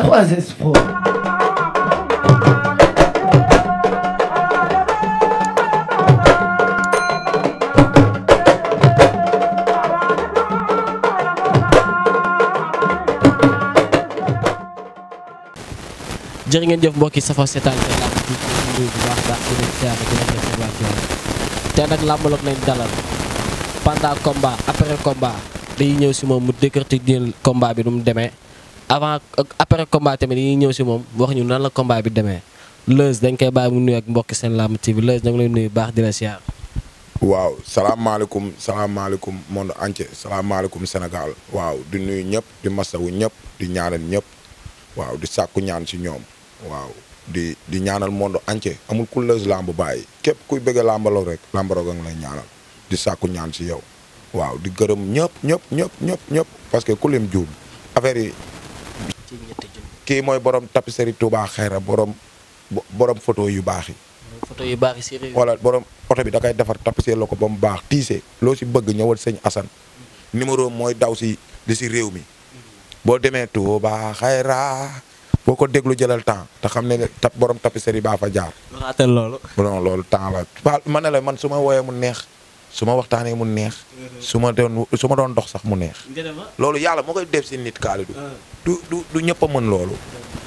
3S Pro. jërë ngeen jëf mbokki safa seetaan te làmb bi bu baax baax di leen siyaare di leen def seen wàccuwaay te nag làmbaloog nañ dalal pendant combat après combat dañuy ñëw si moom mu décortique di combat bi nu mu demee avant après combat tamit dañuy ñëw si moom wax ñu nan la combat bi demee Leuz dañ koy bàyyi mu nuyu ak mbokki seen lamb TV Leuz ñu ngi lay nuyu baax di la siyaar waaw salaamaaleykum salaamaaleykum monde entier salaamaaleykum Sénégal waaw di nuyu ñëpp di masawu ñëpp di ñaanal ñëpp waaw di sàkku ñaan si ñoom waaw di di ñaanal monde entier amul ku Leuz bu bàyyi képp kuy bëgg làmbaloo rek làmbaloo nga lay ñaanal di sàkku ñaan si yow waaw di gërëm ñëpp ñëpp ñëpp ñëpp ñëpp parce que ku lim juum affaire kii mooy borom tapisserie Touba Xayra borom borom photo yu baax yi. photo yu baax yi si réew wala borom oto bi da koy defar tapisser la ko ba mu baax tiise loo si bëgg ñëwal sëñ Assane numéro mooy daw si li si réew mi. boo demee Touba Xayra boo ko déglu jëlal temps te xam ne tap borom tapisserie baa fa jaar. loolu la man ne la mu neex. su ma waxtaanee mu neex. su ma doon su ma doon dox sax mu neex. loolu yàlla moo koy def si nit Kalidou. Ah. du du du ñëpp mën loolu.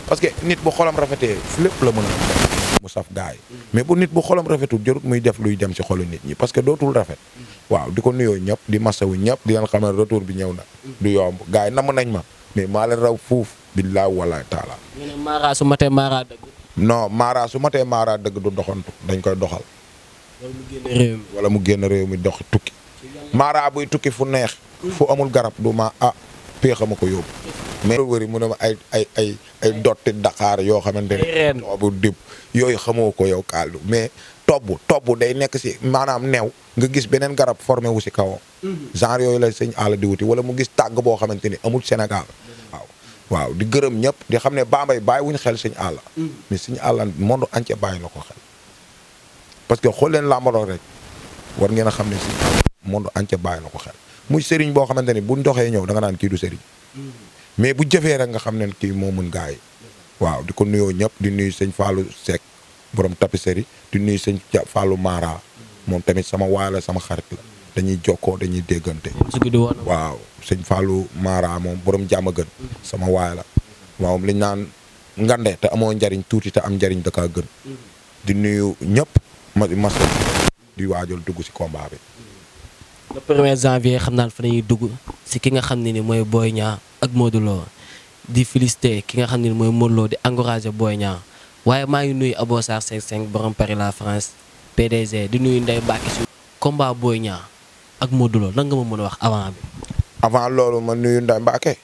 parce que nit bu xolam rafetee lépp la mën a mu saf gaay mm. mais bu nit bu xolam rafetul jarut muy def luy dem si xolu nit ñi parce que dootul rafet. Mm. waaw di ko nuyoo ñëpp di masawu ñëpp di leen xamal retour bi ñëw na. Mm. du yomb gaay yi namm nañ ma mais maa leen raw fuuf billaa wala taala. ñu ne Mara su matee Mara dëgg. su matee Mara dëgg du doxantu dañ koy doxal. wala mu génn réew mi dox tukki maara buy tukki fu neex fu amul garab du ma ah péexa ma ko yóbbu mais wëri mu ne ma ay ay ay ay dotti Dakar yoo xamante ne toobu dib yooyu xamoo ko yow kàldu mais tobb tobb day nekk si maanaam neew nga gis beneen garab formé wu si kawam mhm. genre yooyu la sëñ àll di wuti wala mu gis tàgg boo xamante ni amul Sénégal mhm. waaw waaw di gërëm ñëpp di xam ne Bambey bàyyi wuñ xel sëñ àll mhm. mais sëñ àll monde entier bàyyi na ko xel parce que xool leen làmbaroo rek war ngeen a xam ne moom monde entier bàyyi na ko xel muy sëriñ boo xamante ni bu ndoxee ñëw da naan kii du sëriñ mais bu jëfee rek nga xam ne kii moo mën gaay waaw di ko nuyoo ñëpp di nuyu sëñ Fallou Seck borom tapisserie di nuyu sëñ Fallou Mara moom tamit sama waay sama xarit dañuy jokkoo dañuy déggante. waaw sëñ Fallou Mara moom borom jàmm gën. sama waay la waaw liñ naan ngande te amoo njariñ tuuti te am njariñ da kaa gën. di nuyu ñëpp. ma mas di dugg si combat bi. le premier janvier xam naa fa dañuy dugg si ki nga xam ne ni mooy booy Niang ak Modou Lo di félicité ki nga xam ne ni mooy Modou di encouragé booy Niang waaye maa ngi nuyu Abo Sarr cinq borom Paris la France PDG di nuyu Ndeye Mbacke si combat Boy Niang ak Modou Lo nga ma mën a wax avant bi. avant loolu ma nuyu Ndeye Mbacke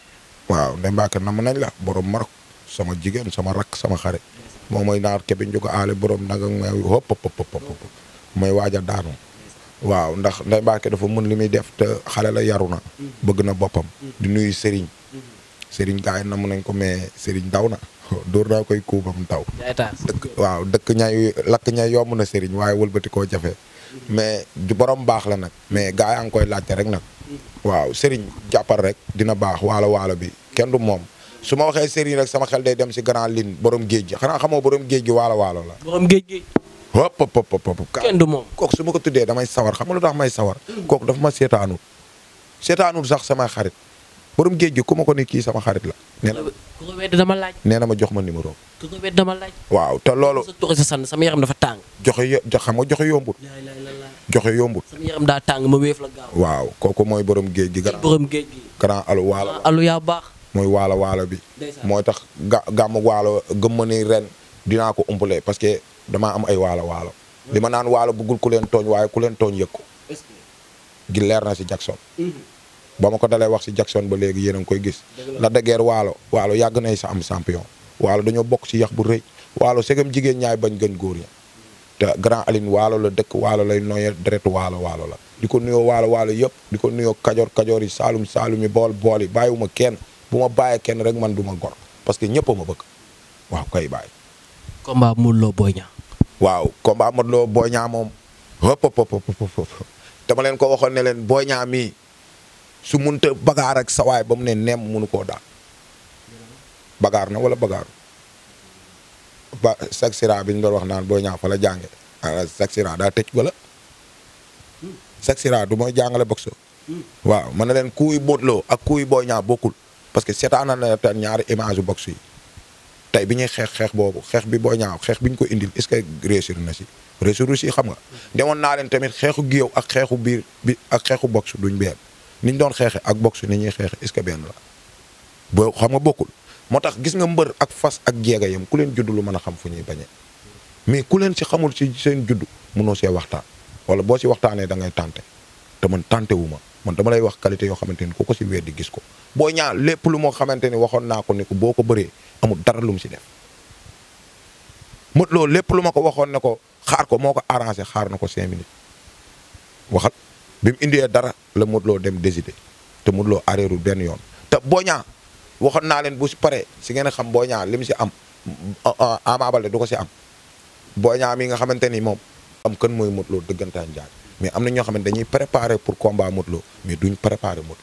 waaw Ndeye Mbacke nam nañ la borom Maroc sama jigéen sama rakk sama xarit. moom naar ke bi njuga aale borom nag ak may hop hop mooy waaj a daanu waaw ndax nday Mbacké dafa mën li muy def te xale la yaru na bëgg na boppam di nuyu sëriñ sëriñ gars yi namu nañ ko mais sëriñ daw na dóor naa koy kuubam taw dëkk waaw dëkk ñay lakk ñay yomb na sëriñ waaye wëlbati koo jafe mais du borom baax la nag mais gars yi ngi koy laajte rek nag mm. waaw sëriñ jàppal rek dina baax waalo waalo bi kenn du moom su ma waxee sëriñ rek sama xel day dem si grand ligne borom géej gi xanaa xamoo borom géej gi waalo waalo la. borom géej gi. hop hop hop su ma ko tuddee damay sawar xam nga lu tax may sawar. kooku dafa ma seetaanul. seetaanul sax sama xarit borom géej gi ku ma ko ni kii sama xarit la. nee na ku ko wedd dama nee na ma jox ma numéro. waaw te loolu. sa sann sa sànn sama yaram dafa tàng. joxe yo xam nga joxe yombut. joxe yombut. sama yaram daa tàng ma wéef la waaw kooku mooy borom géej gi. grand borom géej waalo. alu yaa baax. mooy waalo waalo bi. mooy tax ga gàmmu waalo gëm ma ni ren dinaa ko umpale parce que dama am ay waalo waalo. Mm-hmm. li ma naan waalo bëggul ku leen tooñ waaye ku leen tooñ yëg gi leer na si Jackson. Mm-hmm. ba ma ko dalee wax si Jackson ba léegi yéen a ngi koy gis. la deger guerre waalo waalo yàgg nay sa am champion. waalo dañoo bokk si yax bu rëy. waalo segam jigéen ñaay bañ gën góor ya te grand Aline waalo la dëkk waalo lay nooyee deretu waalo waalo la. di ko nuyoo waalo waalo yëpp di ko nuyoo kajoor kajoor yi saalum saalum yi bool bool yi bàyyiwuma kenn. bu ma bàyyee kenn rek man du ma gor parce que ñëpp a ma bëgg waaw kay bàyyi. combat Modou Lo Boy waaw combat Modou Lo Boy moom hop hop hop leen ko waxoon ne leen Boy Niang mii su munta bagaar ak sawaay ba mu ne neem munu koo daal bagaar na wala bagaaru ba Saxira bi ñu doon wax naan Boy Niang fa la ah, daa tëj wala ma jàngale boxe mën hmm. na leen kuy Modou Lo ak kuy Boy Niang bokkul. parce que seetaan na te ñaari image yu box yi tey bi ñuy xeex xeex boobu xeex bi boo ñaaw xeex bi ñu ko indil est-ce que réussir na si réussir si xam nga. demoon naa leen tamit xeexu géew ak xeexu biir bi ak xeexu box duñ benn ni ñu doon xeexee ak box ni ñuy xeexee est-ce que benn la boo xam nga bokkul moo tax gis nga mbër ak fas ak jéega yam ku leen judd lu mën a xam fu ñuy bañee mais ku leen si xamul si seen judd mënoo see waxtaan wala boo si waxtaanee da ngay tànte te man tànte wu ma man dama lay wax qualité yoo xamante ni ku ko si weddi gis ko Boy Niang lépp lu moo xamante ni waxoon naa ko ni ko boo ko bëree amul dara lu mu si def Modou lépp lu ma ko waxoon ne ko xaar ko moo ko arrangé xaar na ko cinq minutes waxal bi mu indee dara la Modou dem décider te Modou Lo arreeru benn yoon te Boy Niang waxoon naa leen bu si paree si ngeen xam Boy Niang li mu si am Ama du ko si am Boy Niang mi nga xamante ni moom am kan mooy Modou Lo dëggantaan mais am na ñoo xam ne dañuy préparer pour combat Modou Lo mais duñ préparer Modou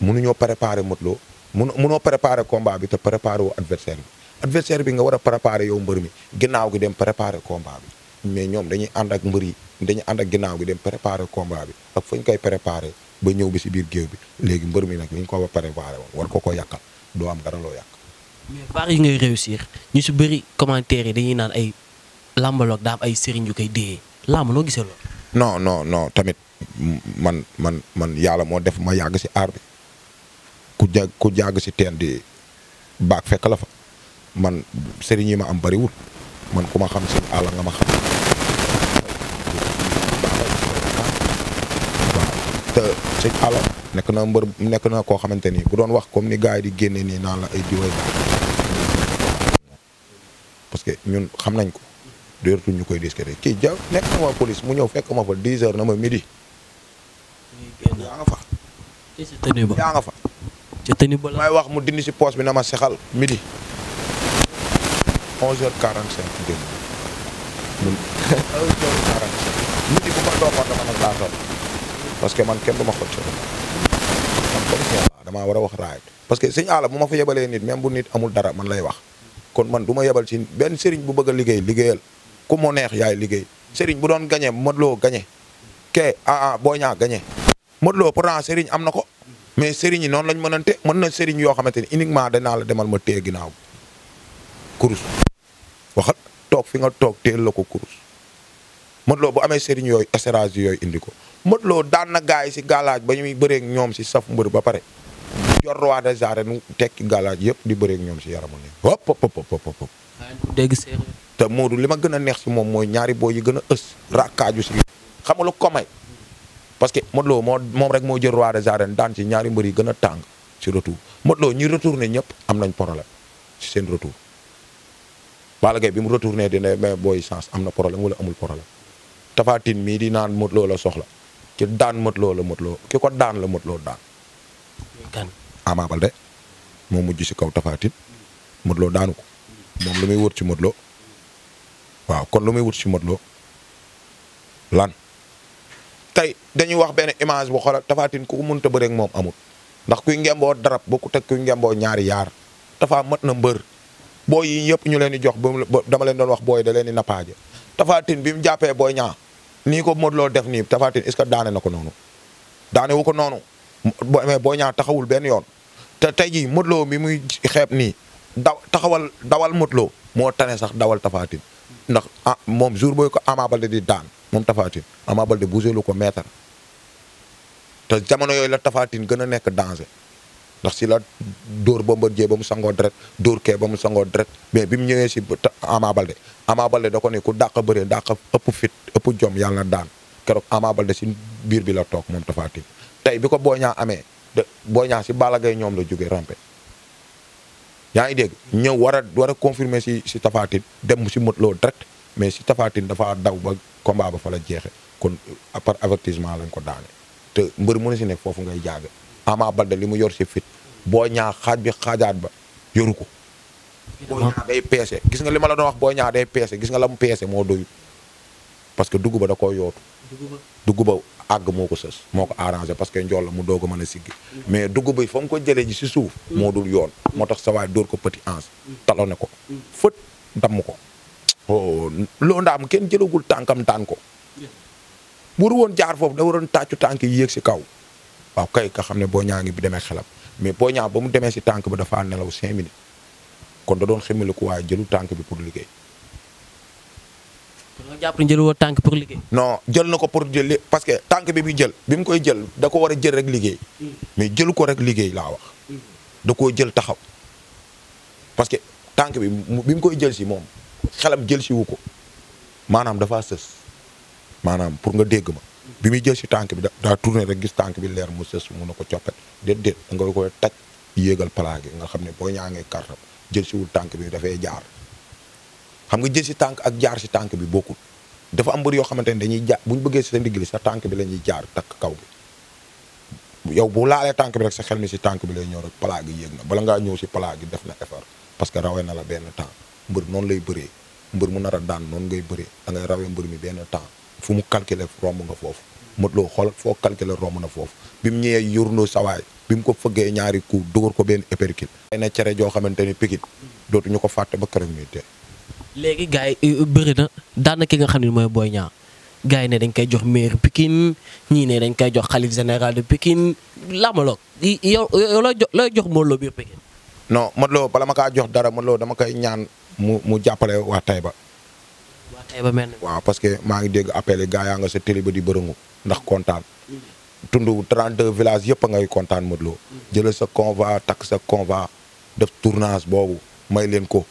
Lo mënuñoo préparer Modou mun munoo préparer combat bi te préparer wo adversaire bi adversaire bi nga war a préparer yow mbër mi ginnaaw gi dem préparer combat bi mais ñoom dañuy ànd ak mbër yi dañuy ànd ak ginnaaw gi dem préparer combat bi ak fañ koy préparer ba ñëw bi si biir géew bi léegi mbër mi nag li ñu ko war a préparer woon war ko ko yàqal doo am dara loo yàq. mais yi ngay naan ay làmbaloog daa ay sëriñ yu koy dee làmb noo gisee loolu. non non non tamit man man man yàlla moo def ma yàgg si aar bi ku jag ku jàgg ci teen di baag fekk la fa man sëriñ yi ma am bariwul man ku ma xam si àll nga te sëñ nekk naa mbër nekk na koo xamante ni bu doon wax comme ni gars di génne nii naa la ay jiway parce que ñun xam nañ ko dootul ñu koy discuter kii ja nekk na waa police mu ñëw fekk ma fa 10 heures na ma midi. yaa nga fa. yaa nga fa. wax mu dindi si poos bi na ma sexal midi. 11h45 bu ma doogoon dama nag laa toll. parce que man kenn du ma xoj man police damaa war a wax raay. parce que sëñ Alla bu ma fa yebalee nit même bu nit amul dara man lay wax. kon man du ma yebal ci benn sëriñ bu bëgg a liggéey liggéeyal ku mu neex yaay liggéey Serigne bu doon gagné Modou Lo gagné ke ah ah boo ñaa gagné Modou Lo pourtant Serigne am na ko mais Serigne yi noonu lañ mënante mën na Serigne yoo xamante ni uniquement danaa la demal ma téye ginnaaw kurus waxal toog fi nga toog téel la ko kurus Modou bu amee Serigne yooyu esérage yooyu indi ko Modou Lo daan na gaay si galaaj ba ñuy bëreek ñoom si saf mbër ba pare jor roi des arènes tekki galaaj yëpp di bëreeg ñoom si yaramu ne te Modou li ma gën a neex si moom mooy ñaari booy yi gën a ës rakkaaju si xam nga lu ko may parce que Modou Lo moom rek moo jël roi des arènes daan ci ñaari mbër yi gën a tàng si retour Modou ñi retourné ñëpp am nañ problème si seen retour Balla Gaye bi mu retourné dina mais booy sance am na problème wala amul problème Tapha mii di naan Modou la soxla ki daan Modou la Modou ki ko daan la Modou Lo daan. kan Ama moo mujj si kaw Tapha Tine Modou ko moom ci Modou waaw kon lu muy wut si Modou Lo lan tey dañuy wax benn image bu xoolal Tapha Tine ku mënta bëre ak moom amul ndax kuy ngemboo darab bokkut ak kuy ngemboo ñaari yaar Tapha mat na mbër booy yi yëpp ñu leen di jox ba dama leen doon wax booy da leen di nappaaje Tapha Tine bi mu jàppee booy ñaa nii ko Modou Lo def nii Tapha Tine est daane na ko noonu daane wu ko noonu mais boo ñaa taxawul benn yoon te tey jii Modou mi muy xeeb nii da taxawal dawal Modou Lo moo tane sax dawal Tapha Tine ndax ah moom jour boo ko Ama Baldé di daan moom Tapha Tine Ama Baldé bougé lu ko meetar te jamono yooyu la Tapha Tine gën a nekk danger ndax si la dóor Bombardier ba mu sangoo deret dóor kee ba mu sangoo deret mais bi mu ñëwee si Ama Baldé Ama Baldé da ko ku dàq bëree dàq ëpp fit ëpp jom yàlla daan keroog Ama Baldé si biir bi la toog moom Tapha Tine bi ko Boy Niang amee de Boy Niang si Balla Gaye ñoom la jógee rampe yaa ngi dégg ñëw war a war a confirmer si si Tapha dem si motloo Lo direct mais si Tapha dafaa daw ba combat ba fa la jeexe kon par avertissement lañ ko daane te mbër mu si nekk foofu ngay jaaga Ama Baldé li mu yor si fit boo ñaar xaaj bi xaajaat ba yoru ko boo ñaa day peese gis nga li ma la doon wax boo ñaar day peese gis nga la mu peese moo doyut parce que dugub ba da ko yootu. dugub ba àgg moo ko sës moo ko arrangé parce que njool mu doog a mën a sigg mais dugub bi fa ko jële ji si suuf. moo dul yoon. moo tax sa waay dóor ko petit ange. talone ko. fët damm ko. oh loo ndaam kenn jëlagul tànkam tànk ko. waru woon jaar foofu da waroon tàccu tànk yi yéeg si kaw. waaw kay ka xam ne boo ñaa ngi bi demee xelam mais boo ñaa ba mu demee si tànk ba dafa nelaw cinq minutes kon da doon ximaliku waaye jëlu tànk bi pour liggéey. jàpp ne jël tànk pour liggéey. non jël na ko pour jël parce que tànk bi muy jël bi mu koy jël da ko war a jël rek liggéey. mais jël ko rek liggéey laa wax. da koo jël taxaw parce que tànk bi bi mu koy jël si moom xelam jël si wu ko maanaam dafa sës maanaam pour nga dégg ma. bi muy jël si tànk bi daa tourné rek gis tànk bi leer mu sës mun na ko coppet déedéet nga koy taj yéegal yi nga xam ne boo ñaangee kartam jël siwul tànk bi dafay jaar xam nga jël si tànk ak jaar si tànk bi bokkul dafa am mbër yoo xamante ne dañuy ja bu bëggee si sa ndigg li sa tànk bi la ñuy jaar takk kaw bi yow bu laalee tànk bi rek sa xel mi si tànk bi lay ñëw rek palaa gi yéeg na bala ngaa ñëw si palaa gi def na effort parce que rawee na la benn temps mbër noonu lay bëree mbër mu nar a daan noonu ngay bëree da ngay rawee mbër mi benn temps fu mu calculer romb nga foofu Modou Lo xool foo calculer romb na foofu bi mu ñëwee yurnoo sawaay bi mu ko fëggee ñaari ku dugal ko benn épercule ay na joo xamante ni pikit dootu ñu ko fàtte ba keroog ñuy dee léegi gars yi euh, na daana ki nga xam ne mooy booy Niang gars ne dañ koy jox maire Pikine ñii ne dañ koy jox xalif général de Pikine lamaloog yow looy jox looy jox Modou Lo biir Pikine. non bala ma kaa jox dara Modou dama koy ñaan mu mu jàppale waa Taïba. waa Taïba mel waaw parce que maa ngi dégg appel yi yaa nga sa télé ba di bërëngu ndax kontaan. tundu 32 villages yëpp a ngay kontaan Modou Lo. jëlal sa convoi takk sa convoi def tournage boobu may leen ko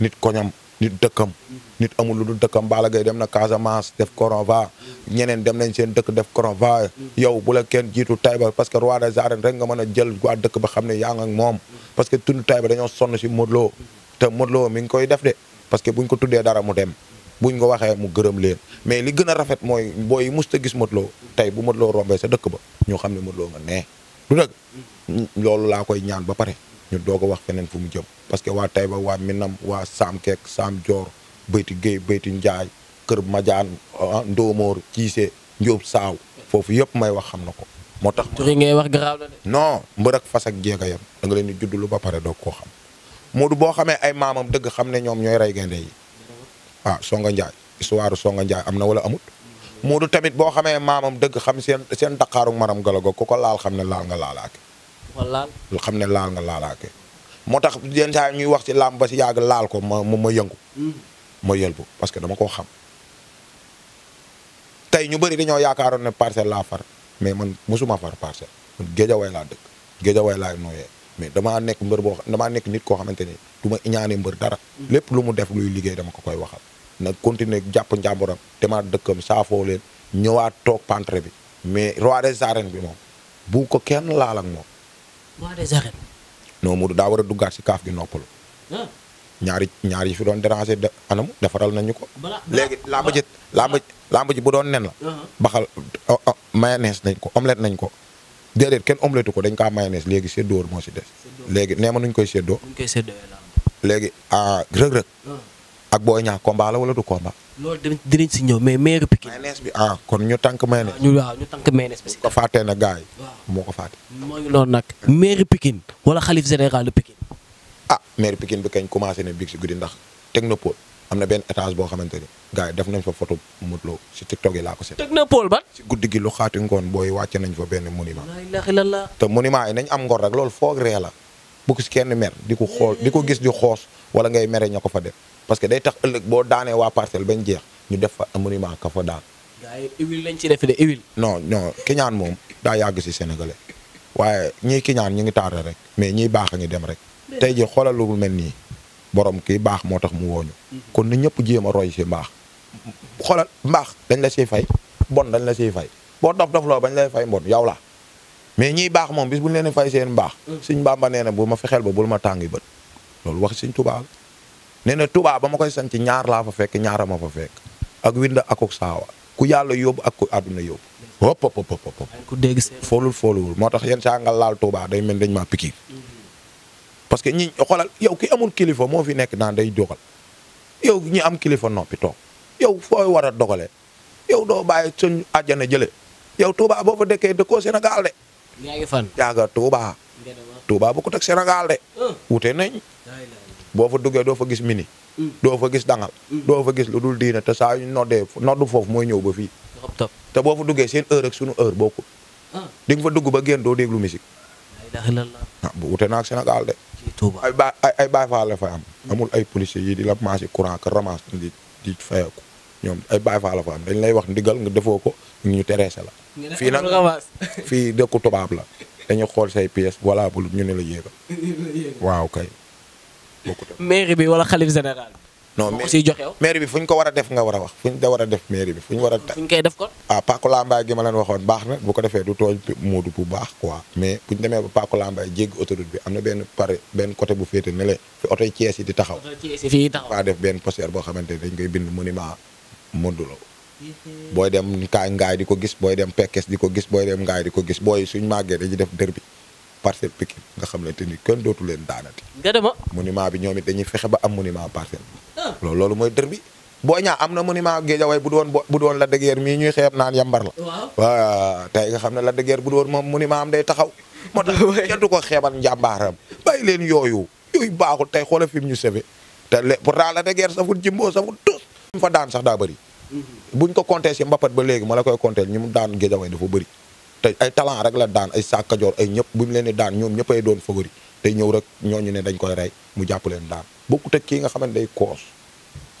nit koñam. nit dëkkam nit amul lu dul dëkkam Balla Gaye dem na Casamance def coron va ñeneen dem nañ seen dëkk def coron va yow bu la kenn jiitu Taïba parce que roi des arènes rek nga mën a jël waa dëkk ba xam ne yaa nga moom parce que tund Taïba dañoo sonn si Modou Lo te mi ngi koy def de parce que buñ ko tuddee dara mu dem buñ ko waxee mu gërëm leen mais li gën a rafet mooy booy yi mus ta gis Modou Lo tey bu Modou Lo rombee sa dëkk ba ñoo xam ne Modou Lo nga nee du loolu laa koy ñaan ba pare ñu doog a wax keneen fu mu jëm parce que waa Taïba waa Minam waa Saam Keek Joor Béyti Guèye Béyti Njaay Kër Madiaan ah, Ndoomoor Ciise Njóob Saaw foofu yëpp may wax xam na ko moo tax. tur yi wax garaaw la de. non mbër ak fas ak jéeg a yem da nga leen di juddlu ba pare doog koo xam boo xamee ay maamam dëgg xam ne ñoom ñooy rey gaynde yi ah Songa Njaay histoire Songa Njaay am na wala amut. Modou tamit boo xamee maamam dëgg xam seen seen daqaaru maram galago ku ko laal xam ne laal nga laalaate. lu xam ne laal nga laalaake moo tax yenn saa ñuy wax ci làmb ba si yàgg laal ko ma ma yëngu hmm. ma yëlbu parce que dama ko xam tey ñu bëri dañoo yaakaaroon ne parcelle laa far mais man mosuma far parcelle man géejawaay laa dëkk géejawaay laa nooyee mais damaa nekk mbër boo damaa nekk nit koo xamante ni du ma iñaane mbër dara hmm. lépp lu mu def luy liggéey dama ko koy waxal na continuer jàpp njàmburam demaat dëkkam saafoo leen ñëwaat toog pantre bi mais roi des bi moom bu ko kenn laal moom roi des arènes. non Modou daa war duggaat si kaaf gi noppalu. Ah. ñaari ñaar yi fi doon déranger de anam defaral nañu ko. léegi làmb ji làmb làmb bu doon nen la. Ah. baxal mayonnaise nañ ko omelette nañ ko. déedéet kenn omelette ko dañ kaa mayonnaise léegi séddoo moo si des. léegi nee ma nuñ koy séddoo. nuñ koy séddoo léegi rëg-rëg. ak Boy Niang combat la wala du combat. loolu dinañ si ñëw mais meeru Pikine. mayonnaise bi ah kon ñu tànk mayonnaise. ñu waaw ñu tànk mayonnaise bi. ko fàttee na gars yi. moo ko fàtte. moo ngi noonu nag meeru Pikine wala xalif général Pikine. ah meeru Pikine bi kañ commencé na biig si guddi ndax technopole am na benn étage boo xamante ni gars yi def nañ fa photo mu Lo si TikTok yi laa ko seet. technopole ban. si guddi gi lu xaati ngoon booy wàcce nañ fa benn monument. alhamdulilah. te monument yi nañ am ngor rek loolu foog ree la bu ko si kenn mer di ko xool di ko gis di xoos wala ngay mere ña ko fa def parce que day tax ëllëg boo daanee waa parcelle bañ jeex ñu def fa monument ka fa daan. gars yi lañ ci def de huile. non non kiñaan moom daa yàgg si sénégalais waaye ñii kiñaan ñu ngi tardé rek mais ñii baax a ngi dem rek. tey ji xoolal lu mel nii borom kii baax moo tax mu wooñu mhm. kon ni ñëpp jéem a roy si mbaax. xoolal mbaax dañ la siy fay bon dañ la siy fay boo dof dof loo bañ lay fay mbon yow la mais ñiy baax moom bis bu leen fay seen mbaax. Mhm. suñ Bàmba nee na bu ma fexeel ba bul ma tàngi bët loolu wax suñ tubaab nee na Touba ba ma koy sanc ñaar laa fa fekk ñaara ma fa fekk ak Winda akuk saawa ku yàlla yóbbu ak ku àdduna yóbbu. hop hop foolul moo tax yenn saa nga laal Touba day mel dañ maa pikiir parce que ñi xoolal yow ki amul kilifa moo fi nekk naan day dogal yow ñi am kilifa noppi toog yow fooy war a dogalee yow doo bàyyi suñ àjjana jële yow Touba boo fa dëkkee dëkkoo Sénégal de. yaa ngi fan jaaga Touba. Touba bokkut de. Ah. wute nañ. boo fa duggee doo fa gis mini. Mm. doo fa gis dangal. Mm. doo fa gis lu dul diina te saa yu noddee noddu foofu mooy ñëw ba fii. te boo fa duggee seen heure ak sunu heure bokkul. Ah. di nga fa dugg ba génn doo déglu musique. ah bu wute naa ak Sénégal de. ay ba ay ay Baay Faal la am. Mm. amul ay policiers yi di la maasi courant ka ramas di fay fayeeku ñoom ay Baay Faal la am dañ lay wax ndigal nga defoo ko ñu tereese la. fii nag fii dëkku tubaab la dañu xool say pièces voilà bu ñu ne la yéegal. waaw kay. mairie bi wala xalif général. non mais siy joxe mairie bi fu ñu ko war a def nga war a wax fu ñu da war a def mairie bi fu ñu war a. fu ñu koy def kon. Ah, waxoon baax na bu ko defee du tool Moodu bu baax quoi. mais bu ñu demee ba Paku Lambaay jéggi autoroute bi am na benn pare benn côté bu féete ne fi oto Thiès yi di taxaw. oto Thiès yi fii taxaw. def benn poster boo xamante ne dañ koy bind monument Modou Lo booy dem Ngaay di ko gis booy dem Pekes di ko gis booy dem Ngaay di ko gis booy suñ màggee dañuy def dër bi parcelle Pikine nga xam ne te ni kenn dootu leen daanati. gërëma monument bi ñoom it dañuy fexe ba am monument parcelle. Ah. loolu loolu mooy dër bi. boo ñaa am na monument Guédiawaye bu doon bu doon Lac de Guiers mii ñuy xeeb naan yambar la. waaw tey nga xam ne Lac de Guiers bu doon monument am day taxaw. moo tax kenn du ko xeebal njàmbaaram bàyyi leen yooyu yooyu baaxul tey xoolal fi ñu sebe te le pourtant Lac de Guiers saful jimbo saful tus. fa daan sax daa bëri. Mhm. buñ ko compté si mbapat ba léegi ma la koy te ay talent rek la daan ay sàkkajoor ay ñëpp bu mu leen di daan ñoom ñëppay doon favori tey ñëw rek ñooñu ne dañ koy rey mu jàpp leen daan bokkut ak kii nga xamante day koos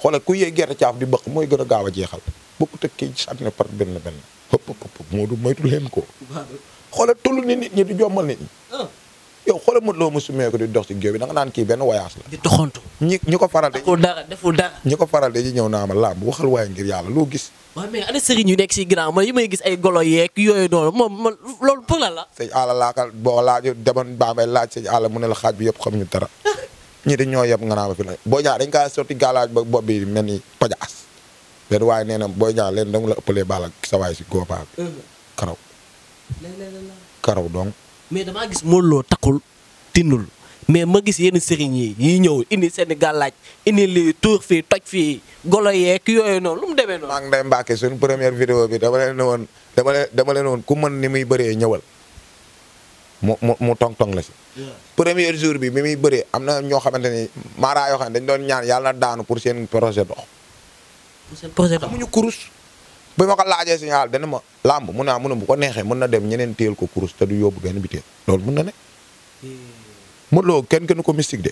xoolal ku yee gerte caaf di bëq mooy gën a gaaw a jeexal bokkut ak kii sànni ne par benn benn ëpp ëpp moo du moytu leen ko xoolal tollu ni nit ñi di jommal nit yow xoolal Modou Lo mu sumee ko di dox ci géew bi da nga naan kii benn voyage la. di ñi ko faral de. deful ko faral ñëw naa ma laam waxal waaye ngir yàlla loo gis. waaw mais ana yu nekk si ginnaaw man yi may gis ay golo yeek yooyu noonu moom man loolu pour la la. sëñ Alla laakal boo laajee demoon baa may laaj sëñ Alla mu ne la xaaj bi yëpp xam ñu dara ñi dañ ñoo yëpp nga naa ma fi la boo ñaar dañ kaa sotti galaaj ba bopp bi mel ni pajaas benn waaye nee na booy ñaa leen danga la ëppalee baal ak sa waay si góobaa bi karaw mais damaa gis Modou Lo takkul tinnul mais ma gis yenn sëriñ yi yi ñëw indi seen i gàllaaj indi lii tuur fii toj fii golo yeeg yooyu noonu lu mu demee noonu. maa ngi day Mbacke suñu première vidéo bi dama leen woon dama leen woon ku mën ni muy bëree ñëwal mu mu mu tong tong la si. premier jour bi bi muy bëree am na ñoo xamante ni maaraa yoo xam ne dañu doon ñaan yàlla na daanu pour seen projet dox. projet dox amuñu bi ma ko laajee signal dana ma làmb mun naa mun bu ko neexee mën na dem ñeneen téel ko kurus te du yóbbu benn biteel loolu mun na ne. Modou Lo kenn kenn ko mystique de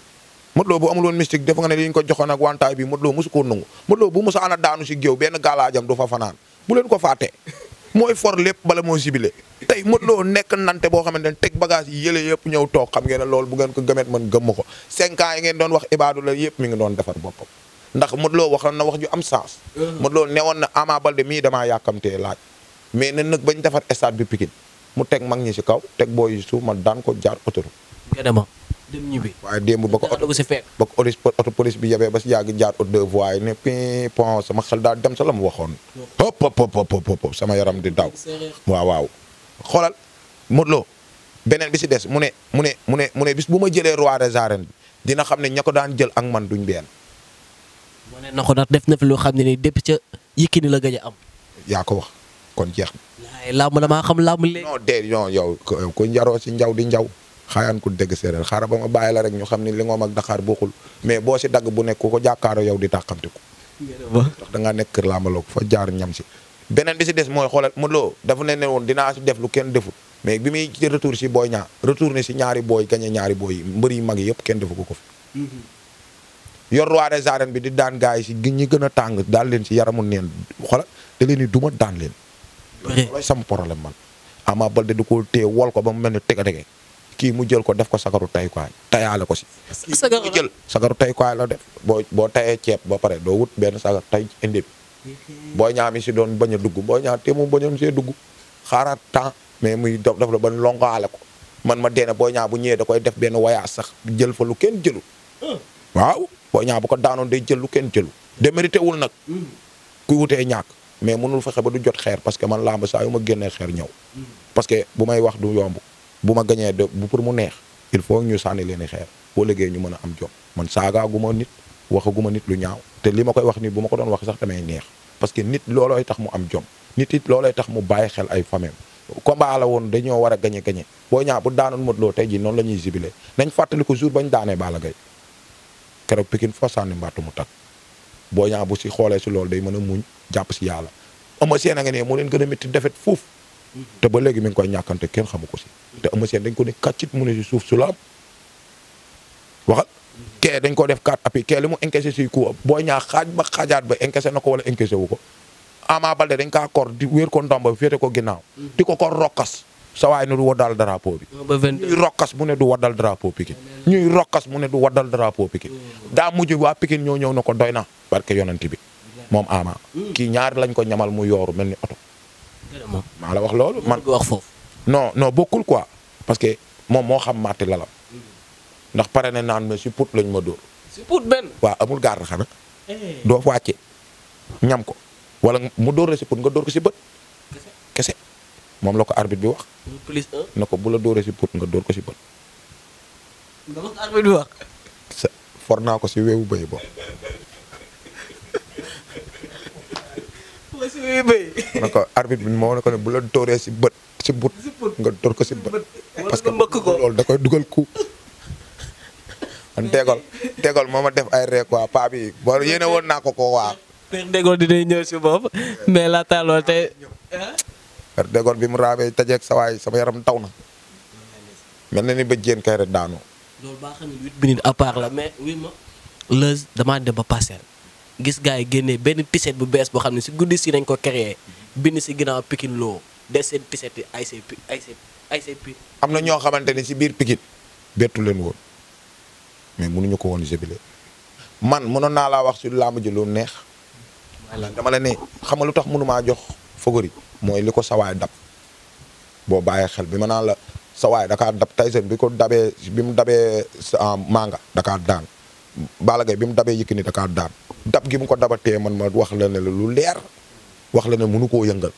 Modou Lo bu amul woon mystique def ne ñu ko joxoon ak wantaay bi Modou Lo musu koo nangu Lo bu musa ana daanu si géew benn gaalaajam du fa fanaan bu leen ko fàtte mooy for lépp bala moo sibile tey Modou Lo nekk nante boo xamante ne teg bagage yële yëpp ñëw toog xam ngeen ne loolu bu ngeen ko gëmet man gëm ma ko cinq ans yi ngeen doon wax ibaadu la yëpp mi ngi doon defar boppam ndax Modou Lo waxoon na wax ju am sens. Modou Lo newoon na Ama Baldé mii damaa yàkkamtee laaj. mais nan nag bañ defar stade bi Pikine mu teg mag ñi si kaw teg boo yi suuf ma daan ko jaar autoroute. gànnaaw dem ñibbi. waaye démb ba ko oto ba ko oto police bi yebee ba si yàgg jaar au deux voies ne pin pon sama xel daal dem sa la mu waxoon. hop hop hop hop sama yaram di daw. waaw waaw xoolal Modou Lo beneen bi si des mu ne mu ne mu ne mu ne bis bu ma jëlee roi des arènes dina xam ne ña ko daan jël ak man duñ benn. wane na ko ndax def na fi loo xam ne nii depuis ca Yékini la gëj am. yaa ko wax kon jeex na. waaye làmb damaa xam làmb léegi. non de non yow ku njaroo si njaw di njaw xaayaan ku dégg séeréer xaaral ba ma bàyyi la rek ñu xam ne li ngoom ak Dakar bokkul mais boo si dagg bu nekk ku ko jàkkaaroo yow di tàqamtiku. ndax da ngaa nekk kër làmbaloo fa jaar ñam si. beneen bi si des mooy xoolal Modou Lo dafa ne ne woon dinaa si kenn deful mais bi muy retour si booy ñaar retourné si ñaari booy gañe ñaari booy mbër yu mag yëpp kenn defu ko ko yor roi des arènes bi di daan gars yi si ñi gën a tàng daan leen si yaramu neen xola da leen di duma daan leen. looy sama problème man. Ama Balde di ko téye wol ko ba mu mel ni tege-tege kii mu jël ko def ko sagaru tayukaay tayaale ko si. sagaru jël sagaru tayukaay la def boo boo tayee ceeb boo pare doo wut benn sagar tay indi boo ñaa si doon bañ a dugg boo ñaa te mu bañoon see dugg xaaraat temps mais muy def la ba longaale ko man ma dee ne boo ñaa bu ñëwee da koy def benn voyage sax jël fa lu kenn jëlu ah. Boy Niang bu ko daanoon day jël lu kenn jëlu démérité wul nag kuy wutee ñàkk mais mënul fexe ba du jot xeer parce que man làmb saa yu ma génnee xeer ñëw parce que bu may wax du yomb bu ma gañee de bu pour mu neex il faut ñu sànni leen i xeer boo ñu mën am jom man saagaaguma nit waxaguma nit lu ñaaw te li ma koy wax nii bu ma ko doon wax sax damay neex parce que nit loolooy tax mu am jom nit it loolooy tax mu bàyyi xel ay famem combat la woon dañoo war a gañe gañe boo ñaaw bu daanoon Modou Lo tey ji noonu la ñuy jibile nañ fàttali ko jour bañ daanee baala Gaye keroog Pikine foo sànni mbattu mu takk boo ñaa bu si xoolee si loolu day mën a muñ jàpp si yàlla ama seen a nga ne moo leen gën a métti defet foofu mm-hmm. te ba léegi mi ngi koy ñàkkante kenn xamu ko si te ama seen dañ ko ne kàccit mu ne si suuf su la am mm-hmm. kee dañ ko def quatre appuis kee li mu encaissé si coup boo ñaa xaaj ba xaajaat ba encaissé na ko wala encaissé wu ko Ama Baldé dañ kaa kor di wéer ko ndomb féete ko ginnaaw mm-hmm. di ko ko rokkas sa waay ne du waddal drapeau bi. ñuy rokkas mu ne du waddal drapeau Pikine. ñuy rokkas mu ne du waddal drapeau Pikine. daa mujj waa Pikine ñoo ñëw na ko doy na barke yonent bi moom Ama. ki ñaar lañ ko ñamal mu yooru mel ni oto. maa la wax loolu man wax foofu. non non bokkul quoi parce que moom moo xam maati lalam mm-hmm. ndax pare na naan ma si put lañ ma dóor. si put benn. waaw amul gaar xana eh. doo wàcce ñam ko wala mu dóor la si put nga dóor ko si bët. moom la ko arbitre bi wax. na ko bu la dóoree si nga dóor ko si bët. naa ko si weewu béy bi moo ne ko ne bu la dóoree si bët si but nga dóor ko si bët. parce que loolu da koy dugal ku. man tegal tegal moo def ay rek waa paa bi woon naa ko ko waa. dinañ ñëw si boobu mais laata loolu tey. per de góor bi mu raabee tajeeg sa waay sama yaram taw na mel na ni ba jéen kay rek daanu. loolu baa xam ne huit la mais oui ma dem ba passer gis gaa yi génnee benn tiset bu bees boo xam ne si guddi si nañ ko créé bind si ginnaaw Pikine loo des seen tiset yi ay say ay ay say am na ñoo xamante ni si biir Pikine bettu leen woon mais mënuñu ko woon jébile man mënoon naa laa wax si laa ji lu neex. dama la ne xam nga lu tax mënumaa jox. fogari mooy li ko sawaay dab boo bàyyee xel bi ma naan la sawaay dakaa dab Tyson bi ko dabee bi mu dabee ah, manga dakaa daan Balla Gaye bi mu dabee Yékini dakaa daan dab gi mu ko daba te man ma wax la ne lu leer wax la ne mënu koo yëngal